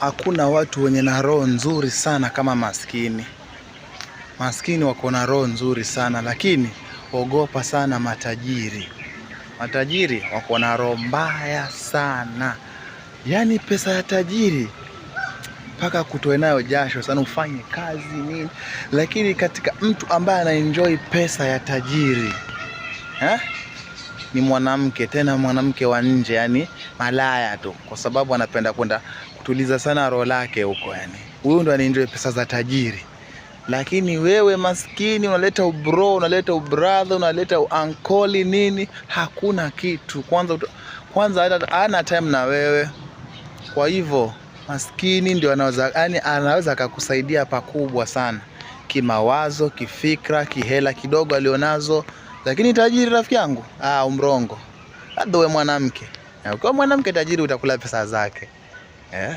Hakuna watu wenye na roho nzuri sana kama maskini. Maskini wako na roho nzuri sana lakini ogopa sana matajiri. Matajiri wako na roho mbaya sana, yaani pesa ya tajiri mpaka kutoe nayo jasho sana, ufanye kazi nini. Lakini katika mtu ambaye anaenjoi pesa ya tajiri eh? ni mwanamke tena mwanamke wa nje, yani malaya tu, kwa sababu anapenda kwenda kutuliza sana roho lake huko. Yani huyu ndo anaenjoy pesa za tajiri, lakini wewe maskini unaleta ubro, unaleta ubrother unaleta uankoli nini, hakuna kitu. Kwanza kwanza ana time na wewe, kwa hivyo maskini ndio anaweza, yani anaweza akakusaidia pakubwa sana kimawazo, kifikra, kihela kidogo alionazo. Lakini tajiri rafiki yangu, ah, umrongo. Hata wewe mwanamke. Ukiwa mwanamke tajiri utakula pesa zake. Eh.